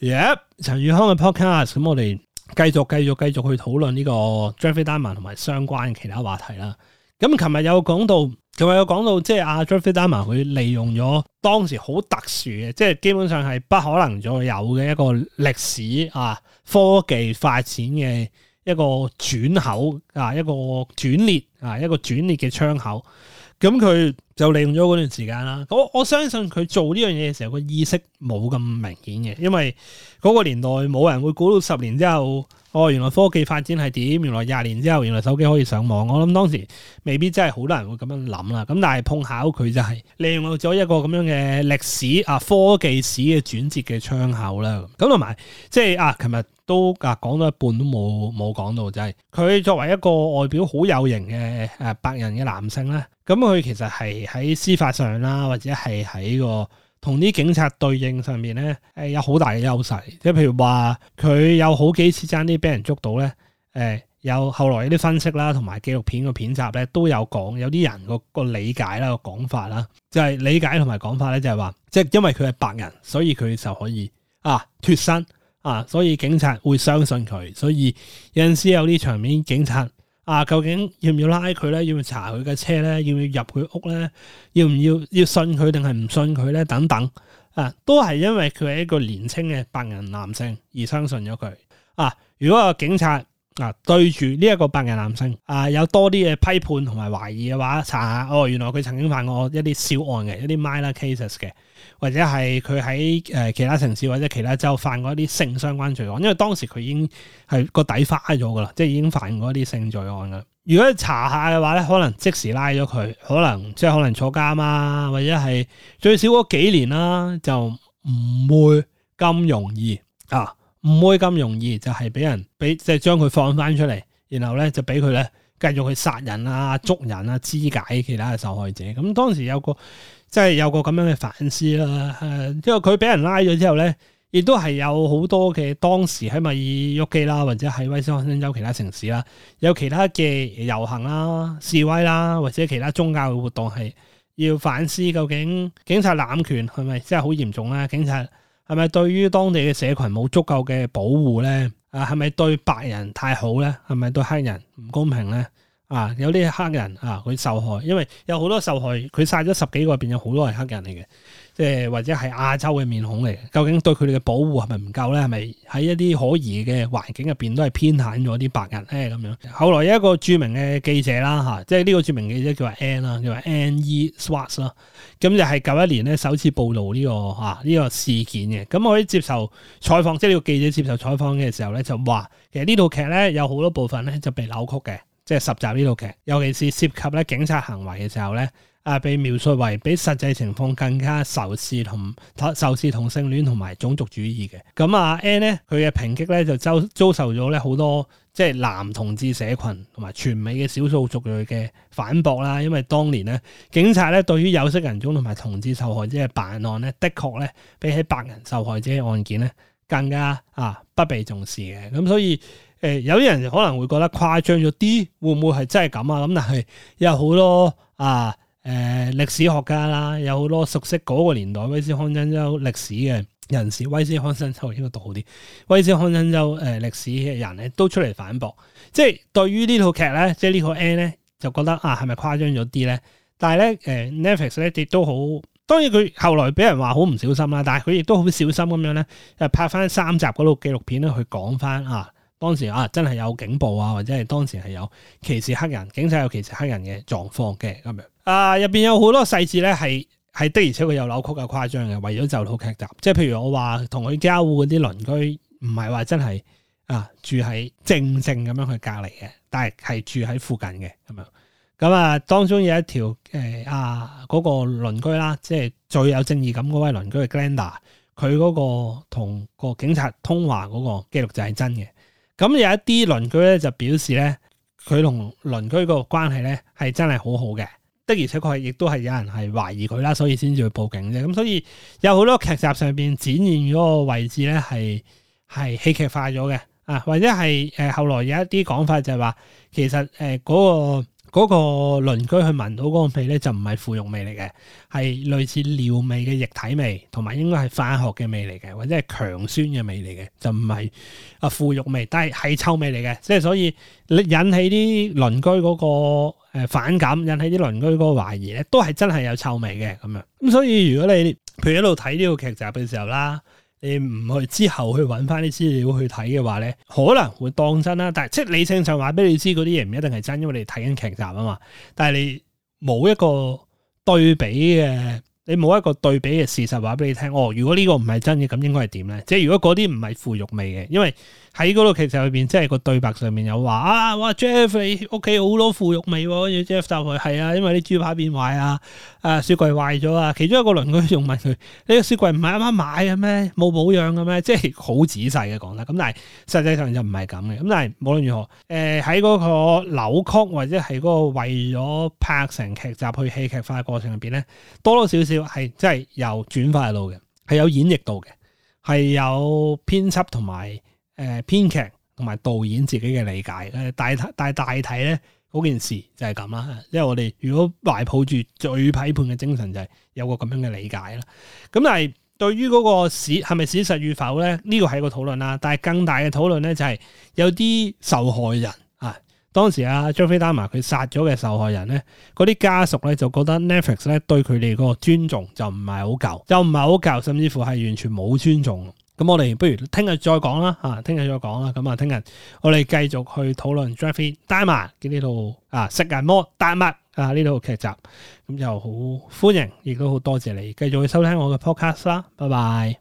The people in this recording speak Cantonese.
耶！陳宇康嘅 podcast，咁我哋繼續繼續繼續去討論呢個 Jeffrey Dahmer 同埋相關其他話題啦。咁琴日有講到，琴日有講到，即係阿 Jeffrey Dahmer 佢利用咗當時好特殊嘅，即係基本上係不可能再有嘅一個歷史啊科技發展嘅一個轉口啊一個轉裂啊一個轉裂嘅窗口。咁佢，就利用咗嗰段時間啦。我相信佢做呢樣嘢嘅時候，個意識冇咁明顯嘅，因為嗰個年代冇人會估到十年之後，哦，原來科技發展係點，原來廿年之後，原來手機可以上網。我諗當時未必真係好多人會咁樣諗啦。咁但係碰巧佢就係利用咗一個咁樣嘅歷史啊科技史嘅轉折嘅窗口啦。咁同埋即係啊，琴日、就是啊、都啊講到一半都冇冇講到，就係、是、佢作為一個外表好有型嘅誒、啊、白人嘅男性咧，咁佢其實係。喺司法上啦，或者係喺個同啲警察對應上面咧，誒有好大嘅優勢。即係譬如話，佢有好幾次爭啲俾人捉到咧，誒、呃、有後來有啲分析啦，同埋紀錄片個片集咧都有講，有啲人個個理解啦、個講法啦，就係、是、理解同埋講法咧，就係話，即係因為佢係白人，所以佢就可以啊脫身啊，所以警察會相信佢，所以有陣時有啲場面警察。啊，究竟要唔要拉佢咧？要唔要查佢嘅車咧？要唔要入佢屋咧？要唔要要信佢定係唔信佢咧？等等啊，都係因為佢係一個年青嘅白人男性而相信咗佢啊。如果個警察，啊，對住呢一個白人男性啊，有多啲嘅批判同埋懷疑嘅話，查下哦，原來佢曾經犯過一啲小案嘅，一啲 minor cases 嘅，或者係佢喺誒其他城市或者其他州犯過一啲性相關罪案，因為當時佢已經係個底花咗噶啦，即係已經犯過一啲性罪案啦。如果查下嘅話咧，可能即時拉咗佢，可能即係可能坐監啦、啊，或者係最少嗰幾年啦、啊，就唔會咁容易啊。唔會咁容易就係、是、俾人俾即係將佢放翻出嚟，然後咧就俾佢咧繼續去殺人啊、捉人啊、肢解其他嘅受害者。咁、嗯、當時有個即係、就是、有個咁樣嘅反思啦、啊，誒、呃，因為佢俾人拉咗之後咧，亦都係有好多嘅當時喺咪喐基啦，或者喺威斯康辛州其他城市啦，有其他嘅遊行啦、示威啦，或者其他宗教嘅活動係要反思究竟警察濫權係咪真係好嚴重咧？警察。係咪對於當地嘅社群冇足夠嘅保護咧？啊，係咪對白人太好咧？係咪對黑人唔公平咧？啊，有啲黑人啊，佢受害，因為有好多受害，佢殺咗十幾個，入邊有好多係黑人嚟嘅。即係或者係亞洲嘅面孔嚟，究竟對佢哋嘅保護係咪唔夠咧？係咪喺一啲可疑嘅環境入邊都係偏袒咗啲白人咧咁、哎、樣？後來有一個著名嘅記者啦嚇，即係呢個著名記者叫 Ann 啦，叫 Ann E. Swartz 啦，咁就係九一年咧首次暴露呢個嚇呢、啊這個事件嘅。咁我啲接受採訪，即係呢個記者接受採訪嘅時候咧就話，其實呢套劇咧有好多部分咧就被扭曲嘅，即係十集呢套劇，尤其是涉及咧警察行為嘅時候咧。啊，被描述為比實際情況更加仇視同仇視同性戀同埋種族主義嘅。咁啊，N 咧佢嘅抨擊咧就遭遭受咗咧好多即係男同志社群同埋全美嘅少數族裔嘅反駁啦。因為當年咧警察咧對於有色人種同埋同志受害者嘅辦案咧，的確咧比起白人受害者嘅案件咧更加啊不被重視嘅。咁所以誒、呃、有啲人可能會覺得誇張咗啲，會唔會係真係咁啊？咁但係有好多啊。誒，歷史學家啦，有好多熟悉嗰個年代威斯康辛州歷史嘅人士，威斯康辛州應該讀好啲，威斯康辛州誒、呃、歷史嘅人咧都出嚟反駁，即係對於呢套劇咧，即係呢個 N 咧就覺得啊，係咪誇張咗啲咧？但係咧，誒、啊、Netflix 咧亦都好，當然佢後來俾人話好唔小心啦，但係佢亦都好小心咁樣咧，就拍翻三集嗰套紀錄片咧去講翻啊，當時啊真係有警暴啊，或者係當時係有歧視黑人、警察，有歧視黑人嘅狀況嘅咁樣。啊啊啊啊！入邊有好多細節咧，係係的而且確有扭曲嘅、誇張嘅，為咗就套劇集。即係譬如我話同佢交互嗰啲鄰居，唔係話真係啊住喺正正咁樣去隔離嘅，但係係住喺附近嘅咁樣。咁啊，當中有一條誒、呃、啊嗰、嗰個鄰居啦，即係最有正義感嗰位鄰居嘅 Glenda 佢嗰個同個警察通話嗰個記錄就係真嘅。咁、嗯、有一啲鄰居咧就表示咧，佢同鄰居個關係咧係真係好好嘅。的而且確係，亦都係有人係懷疑佢啦，所以先至去報警啫。咁所以有好多劇集上邊展現嗰個位置咧，係係戲劇化咗嘅啊，或者係誒、呃、後來有一啲講法就係、係、話，其實誒嗰、呃嗰個。嗰個鄰居去聞到嗰個味咧，就唔係腐肉味嚟嘅，係類似尿味嘅液體味，同埋應該係化學嘅味嚟嘅，或者係強酸嘅味嚟嘅，就唔係啊腐肉味，但係係臭味嚟嘅，即係所以引起啲鄰居嗰個誒反感，引起啲鄰居嗰個懷疑咧，都係真係有臭味嘅咁樣。咁所以如果你譬如喺度睇呢套劇集嘅時候啦。你唔去之後去揾翻啲資料去睇嘅話咧，可能會當真啦。但係即係理性上話俾你知，嗰啲嘢唔一定係真，因為你睇緊劇集啊嘛。但係你冇一個對比嘅。你冇一個對比嘅事實話俾你聽，哦，如果呢個唔係真嘅，咁應該係點咧？即係如果嗰啲唔係腐肉味嘅，因為喺嗰個劇集裏邊，即係個對白上面有話啊，哇，Jeff 你屋企好多腐肉味喎、哦，跟住 Jeff 就話係啊，因為啲豬排變壞啊，誒、啊、雪櫃壞咗啊，其中一個鄰居仲問佢：呢、這個雪櫃唔係啱啱買嘅咩？冇保養嘅咩？即係好仔細嘅講法。咁但係實際上就唔係咁嘅。咁但係無論如何，誒喺嗰個扭曲或者係嗰個為咗拍成劇集去戲劇化嘅過程入邊咧，多多少少。係真係有轉化路嘅，係有演繹到嘅，係有編輯同埋誒編劇同埋導演自己嘅理解嘅、呃。大大大體咧嗰件事就係咁啦。因為我哋如果懷抱住最批判嘅精神，就係有個咁樣嘅理解啦。咁但係對於嗰個事係咪事實與否咧，呢個係一個討論啦。但係更大嘅討論咧就係、是、有啲受害人。當時阿 Jeffrey Dahmer 佢殺咗嘅受害人咧，嗰啲家屬咧就覺得 Netflix 咧對佢哋嗰個尊重就唔係好夠，就唔係好夠，甚至乎係完全冇尊重。咁我哋不如聽日再講啦，吓聽日再講啦。咁啊，聽日我哋繼續去討論 Jeffrey Dahmer 嘅呢套啊食人魔 Dahmer 啊呢套劇集，咁就好歡迎，亦都好多謝你繼續去收聽我嘅 podcast 啦。拜拜。